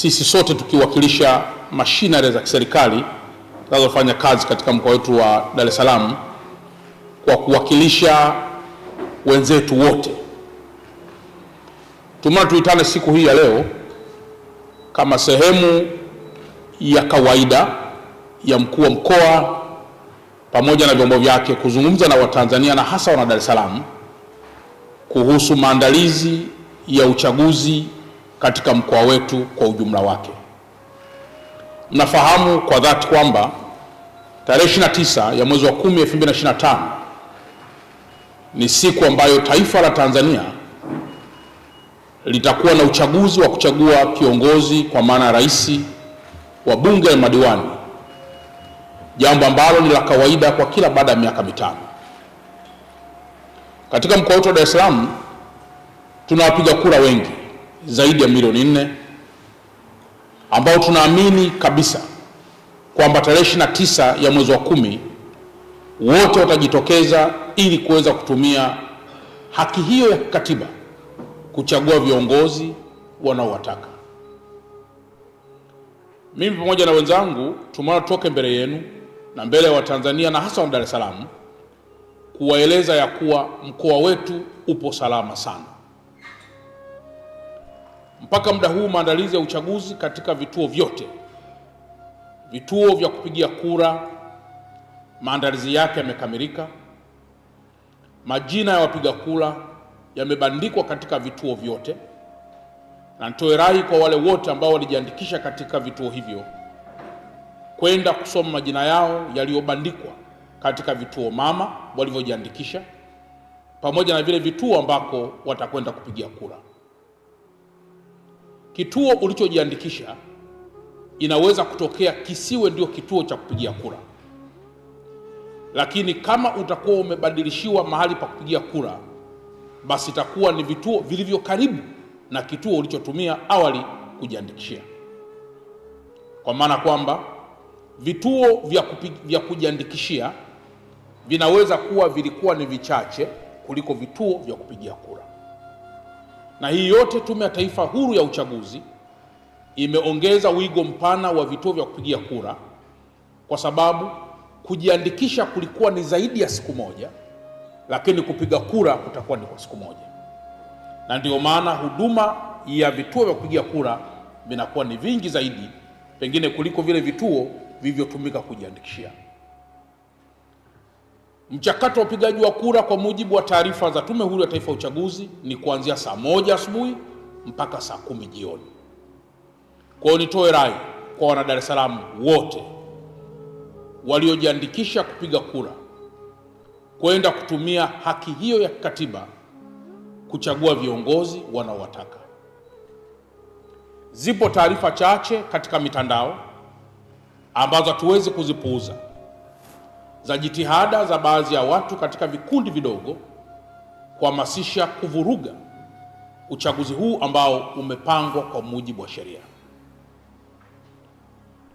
Sisi sote tukiwakilisha mashinari za kiserikali zinazofanya kazi katika mkoa wetu wa Dar es Salaam kwa kuwakilisha wenzetu wote, tumeona tuitane siku hii ya leo kama sehemu ya kawaida ya mkuu wa mkoa pamoja na vyombo vyake kuzungumza na Watanzania na hasa wana Dar es Salaam kuhusu maandalizi ya uchaguzi katika mkoa wetu kwa ujumla wake. Mnafahamu kwa dhati kwamba tarehe 29 ya mwezi wa 10 2025 ni siku ambayo taifa la Tanzania litakuwa na uchaguzi wa kuchagua kiongozi kwa maana ya rais, wa bunge na madiwani, jambo ambalo ni la kawaida kwa kila baada ya miaka mitano. Katika mkoa wetu wa Dar es Salaam tunawapiga kura wengi zaidi ya milioni nne ambao tunaamini kabisa kwamba tarehe ishirini na tisa ya mwezi wa kumi wote watajitokeza ili kuweza kutumia haki hiyo ya kikatiba kuchagua viongozi wanaowataka. Mimi pamoja na wenzangu tumeona tutoke mbele yenu na mbele ya wa Watanzania na hasa wa Dar es Salaam kuwaeleza ya kuwa mkoa wetu upo salama sana. Mpaka muda huu maandalizi ya uchaguzi katika vituo vyote, vituo vya kupigia kura, maandalizi yake yamekamilika. Majina ya wapiga kura yamebandikwa katika vituo vyote, na nitoe rai kwa wale wote ambao walijiandikisha katika vituo hivyo kwenda kusoma majina yao yaliyobandikwa katika vituo mama walivyojiandikisha, pamoja na vile vituo ambako watakwenda kupigia kura kituo ulichojiandikisha inaweza kutokea kisiwe ndio kituo cha kupigia kura, lakini kama utakuwa umebadilishiwa mahali pa kupigia kura, basi itakuwa ni vituo vilivyo karibu na kituo ulichotumia awali kujiandikishia, kwa maana kwamba vituo vya, vya kujiandikishia vinaweza kuwa vilikuwa ni vichache kuliko vituo vya kupigia kura. Na hii yote Tume ya Taifa Huru ya Uchaguzi imeongeza wigo mpana wa vituo vya kupigia kura, kwa sababu kujiandikisha kulikuwa ni zaidi ya siku moja, lakini kupiga kura kutakuwa ni kwa siku moja, na ndiyo maana huduma ya vituo vya kupigia kura vinakuwa ni vingi zaidi pengine kuliko vile vituo vilivyotumika kujiandikishia. Mchakato wa upigaji wa kura kwa mujibu wa taarifa za Tume Huru ya Taifa ya Uchaguzi ni kuanzia saa moja asubuhi mpaka saa kumi jioni. Kwa hiyo nitoe rai kwa wana Dar es Salaam wote waliojiandikisha kupiga kura kwenda kutumia haki hiyo ya kikatiba kuchagua viongozi wanaowataka. Zipo taarifa chache katika mitandao ambazo hatuwezi kuzipuuza za jitihada za baadhi ya watu katika vikundi vidogo kuhamasisha kuvuruga uchaguzi huu ambao umepangwa kwa mujibu wa sheria.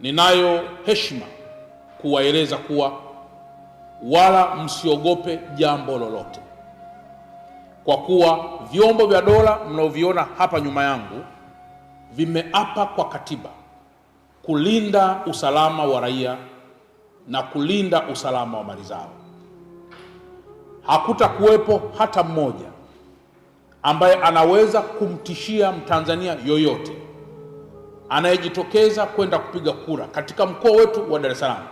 Ninayo heshima kuwaeleza kuwa wala msiogope jambo lolote, kwa kuwa vyombo vya dola mnaoviona hapa nyuma yangu vimeapa kwa katiba kulinda usalama wa raia na kulinda usalama wa mali zao. Hakutakuwepo hata mmoja ambaye anaweza kumtishia Mtanzania yoyote anayejitokeza kwenda kupiga kura katika mkoa wetu wa Dar es Salaam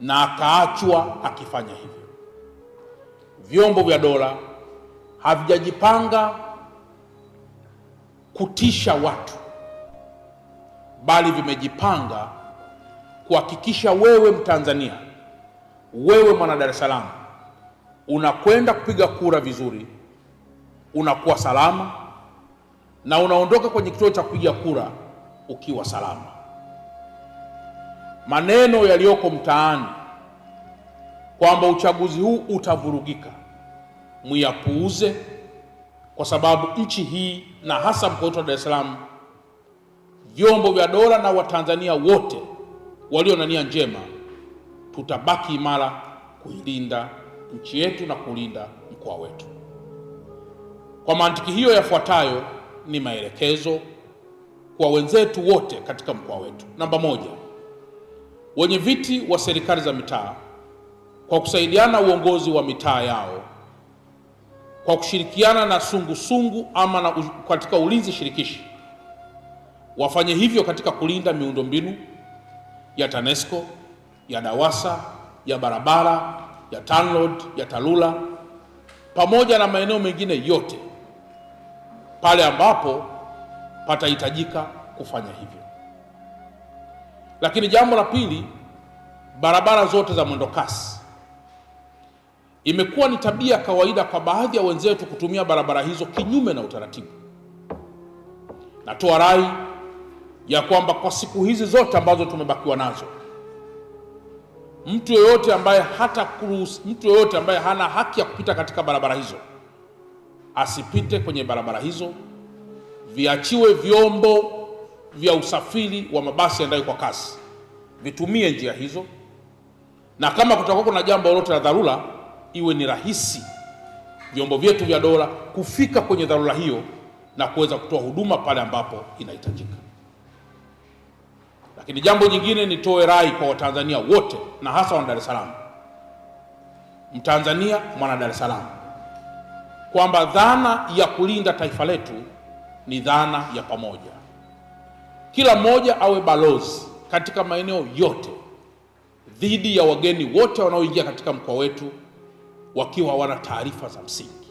na akaachwa akifanya hivyo. Vyombo vya dola havijajipanga kutisha watu, bali vimejipanga kuhakikisha wewe Mtanzania, wewe mwana Dar es Salaam unakwenda kupiga kura vizuri, unakuwa salama na unaondoka kwenye kituo cha kupiga kura ukiwa salama. Maneno yaliyoko mtaani kwamba uchaguzi huu utavurugika, mwiyapuuze, kwa sababu nchi hii na hasa mkoa wetu wa Dar es Salaam, vyombo vya dola na Watanzania wote walio na nia njema, tutabaki imara kuilinda nchi yetu na kulinda mkoa wetu. Kwa mantiki hiyo, yafuatayo ni maelekezo kwa wenzetu wote katika mkoa wetu. Namba moja, wenye viti wa serikali za mitaa kwa kusaidiana uongozi wa mitaa yao kwa kushirikiana na sungusungu sungu ama na katika ulinzi shirikishi wafanye hivyo katika kulinda miundombinu ya TANESCO, ya DAWASA, ya barabara, ya TANROADS, ya talula pamoja na maeneo mengine yote pale ambapo patahitajika kufanya hivyo. Lakini jambo la pili, barabara zote za mwendokasi. Imekuwa ni tabia kawaida kwa baadhi ya wenzetu kutumia barabara hizo kinyume na utaratibu. Natoa rai ya kwamba kwa siku hizi zote ambazo tumebakiwa nazo, mtu yoyote ambaye hata kuruhusu, mtu yoyote ambaye hana haki ya kupita katika barabara hizo asipite kwenye barabara hizo, viachiwe vyombo vya usafiri wa mabasi yaendayo kwa kasi vitumie njia hizo, na kama kutakuwa kuna jambo lolote la dharura, iwe ni rahisi vyombo vyetu vya dola kufika kwenye dharura hiyo na kuweza kutoa huduma pale ambapo inahitajika. Lakini jambo jingine, nitoe rai kwa Watanzania wote na hasa wana Dar es Salaam, Mtanzania mwana Dar es Salaam, kwamba dhana ya kulinda taifa letu ni dhana ya pamoja. Kila mmoja awe balozi katika maeneo yote dhidi ya wageni wote wanaoingia katika mkoa wetu wakiwa wana taarifa za msingi.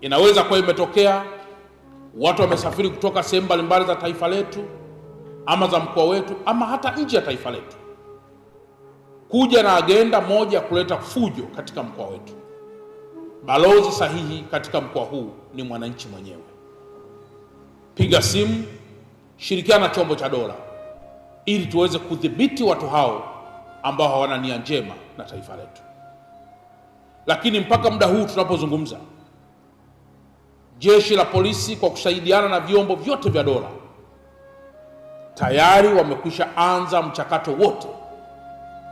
Inaweza kuwa imetokea watu wamesafiri kutoka sehemu mbalimbali za taifa letu ama za mkoa wetu ama hata nje ya taifa letu, kuja na agenda moja ya kuleta fujo katika mkoa wetu. Balozi sahihi katika mkoa huu ni mwananchi mwenyewe. Piga simu, shirikiana na chombo cha dola ili tuweze kudhibiti watu hao ambao hawana nia njema na taifa letu. Lakini mpaka muda huu tunapozungumza, jeshi la polisi kwa kusaidiana na vyombo vyote vya dola tayari wamekwisha anza mchakato wote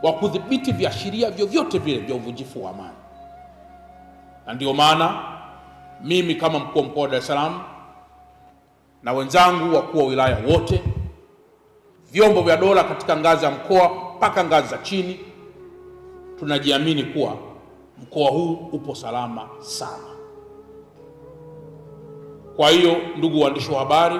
wa kudhibiti viashiria vyovyote vile vya uvunjifu wa amani, na ndiyo maana mimi kama mkuu wa mkoa wa Dar es Salaam na wenzangu wakuu wa wilaya wote, vyombo vya dola katika ngazi ya mkoa mpaka ngazi za chini, tunajiamini kuwa mkoa huu upo salama sana. Kwa hiyo, ndugu waandishi wa habari